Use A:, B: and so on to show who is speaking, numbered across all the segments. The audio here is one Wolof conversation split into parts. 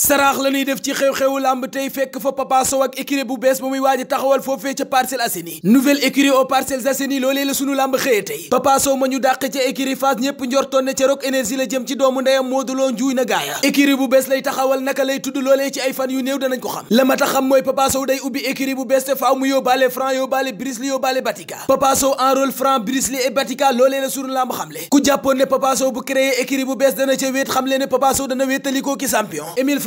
A: saraax la ñuy def ci xew-xewu lamb tey fekk fa Papa Sow ak écurie bu bees bu muy waaj taxawal foofee ca Parcelles Assainies nouvelle écurie o Parcelles Assainies loolee la sunu lamb xëyee tey Papa ma ñu dàq ca écurie Fass ñépp njortoon ne ca Rock Énergie la jëm ci doomu ndeyam Modou Lo njuuy na gaaya écurie bu bees lay taxawal naka lay tudd loolee ci ay fan yu néew danañ ko xam la ma tax xam mooy Papa Sow day ubbi écurie bu bees ca wéet xamle ne Papa Sow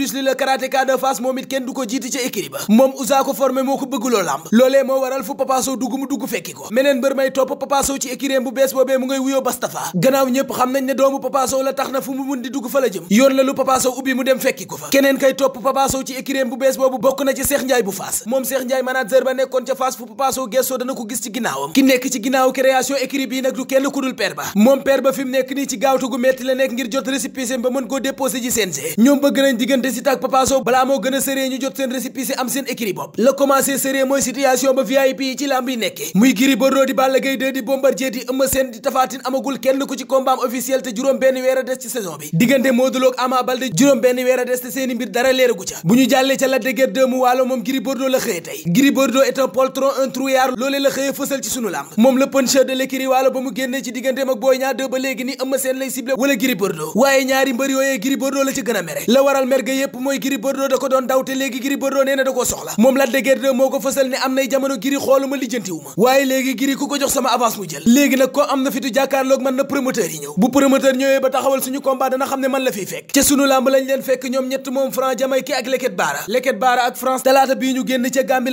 A: Bruce Lee la karatéka de Fass moom it kenn du ko jiiti ca écurie ba moom usaa ko formé moo ko bëgguloo làmb loolee moo waral fu Papa dugg mu dugg fekki ko meneen mbër may topp Papa ci écurie bu bees boobu bokk na ci Cheikh Ndiaye bu Fass moom Cheikh Ndiaye manager ba nekkoon ca Fass fu Papa Sow gessoo dana ko gis ci ginnaawam ki nekk ci ginnaaw création écurie bii nag du kenn ku dul ba moom père ba fi nekk nii ci gaawtu gu metti la nekk diggante Siteu ak Papa moo gën a sérieux ñu jot seen récépissé am seen écrit bopp la commencé sérieux mooy situation ba VIP yi ci làmb yi nekkee muy Gris Bordeaux di Balla Gaye 2 di di Eumeu Sène di amagul kenn ku ci combat officiel te juróom benn weer a des ci saison bi diggante Modou Lo ak Ama juróom benn weer a des te seeni mbir dara leeragu ca bu ñu jàllee ca la dëgër deux waalo moom Gris Bordeaux la xëye tey Gris Bordeaux est poltron un trouillard yépp mooy Gris Bordeaux da ko doon daw te léegi Gris Bordeaux nee na da koo soxla moom Lac de Guiers moo ko fësal ne am nay jamono Gris xooluma lijjantiwu waaye léegi Gris ku ko jox sama avance mu jël léegi nag ko am na fitu jàkkaarloog man na promoteur yi ñëw bu promoteur ñëwee ba taxawal suñu combat dana xam ne man la fiy fekk ca sunu làmb lañ leen fekk ñoom ñett moom Franc Jamaïque ak Leket Baara Leket Baara ak France talaata bii ñu génn ca Gambie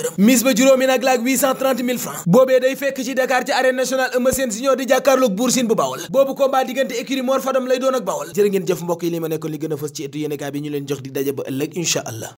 A: heure am mise ba juróomi nag laak 830 000 francs boobee day fekk ci Dakar ci arène nationale Eumeu Sène Junior di jàkkaarloog Bour Sine bu Bawol boobu combat diggante écurie Mor lay doon ak Bawol jërë ngeen jëf mbokk yi li ma nekkoon li gën fës ci étu yéenekaay bi ñu leen jox di daje ba ëllëg incha allah